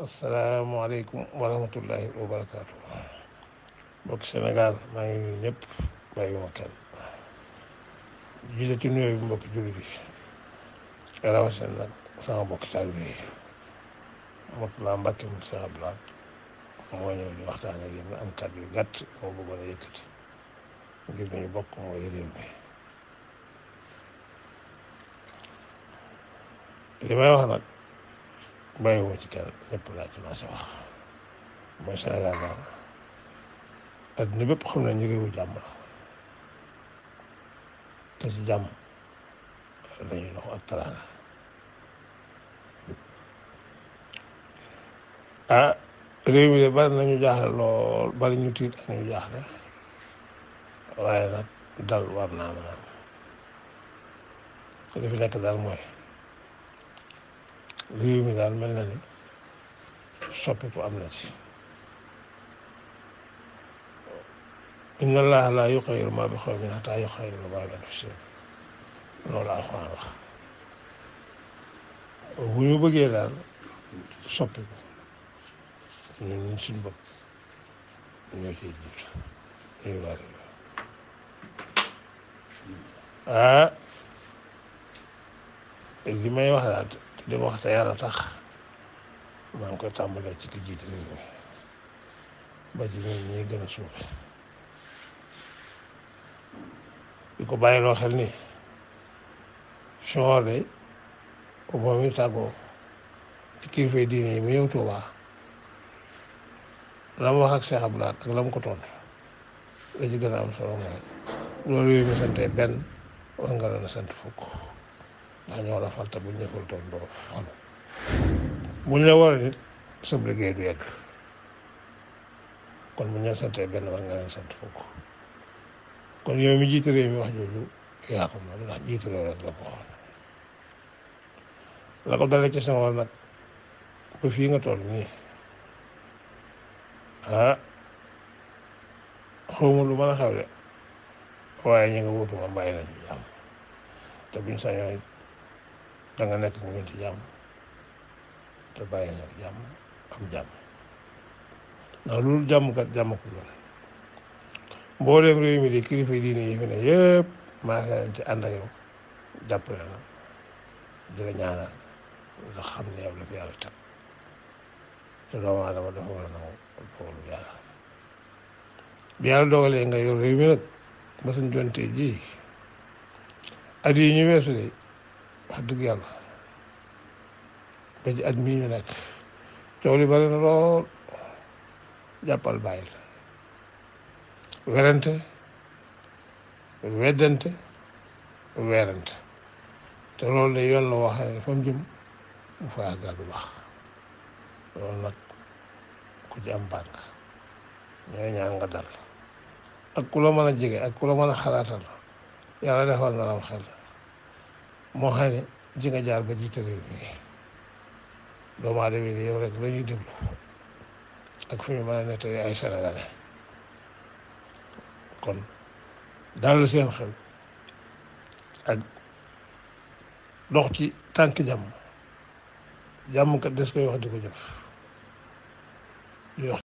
السلام عليكم ورحمة الله وبركاته بوك سنغال ما ينب ما يمكن جيدة نيو يمبوك جولي أنا وسنة سنة بوك سالبي مطلان باتم سنة بلاد موانيو اللي وقتانا جيرنا أنكار جو جات موبوغونا يكت جيرنا يبوك مو يريمي لما يوحنا bàyyiwuma ci kenn ñëpp laa ci maas wax mooy Sénégal daal adduna bépp xam nañ ne réewu jàmm la te ci jàmm lañuy dox ak teraanga ah réew mi de bari nañu jaaxle lool bari ñu tiit ak ñu jaaxle waaye nag dal war naa mën a am nekk daal mooy. réew mi daal mel na ni soppiku am na ci إن الله لا يغير ما بقوم حتى يغير ما بأنفسهم لولا القرآن الله ويو بغي دار صبب من سنبب من يكيد بيت من يباري بيت آه إذي ما يوحد di wax te yàlla tax maa ngi koy tàmbalee ci ki jiite réew mi ba ci ñuy gën a suufe di ko bàyyi loo xel ni Senghor de moom mi tàggoo ci kilifa diine yi mu ñëw Tuubaa la mu wax ak Cheikh Abdoulaye ak la mu ko tontu la ci gën a am solo mooy loolu yooyu mu santee benn war nga doon sant fukk Ah, ah, e dañoo la fal te buñ deful toon doo fal buñ la war nit liggéey du yegg kon buñ la santee benn war nga leen sant fukk kon yow mi jiite réew mi wax jooju yaa ko moom ndax jiite réew rek la ko wax la ko dalee ci sama war nag ba fii nga toll nii ah xawma lu mën a xew de waaye ñi nga wutuma bàyyi nañu jàmm te buñ sañoon da nekk ñu ci jàmm te bàyyi nag jàmm am jàmm ndax loolu jàmm kat jàmm ko gën mbooleem réew mi di kilifa diine yi yëpp maa ngi ci ànd ak yow jàppale la di la ñaanal xam ne yow la fi yàlla te doomu aadama dafa war nangu dogalu yàlla bi yàlla dogalee nga yor réew nag ba suñ doon jii at yi ñu weesu de wax dëgg yàlla ba ci at mii ñu nekk coow li bari lool jàppal bàyyi la werante weddante te loolu de yoon la wax ne fa mu jëm mu faa gàddu baax nag ku ci am bànk ñooy ñaan nga dal ak ku la a jege ak ku la mën a xalaatal yàlla defal na am xel moo xam ne ji nga jaar ba jiite réew mi doomu aadama yi yow rek la ñuy déglu ak fu ñu mën a ne tey ay sénégalais kon dalal seen xel ak dox ci tànk jàmm jàmm kat des koy wax di ko jëf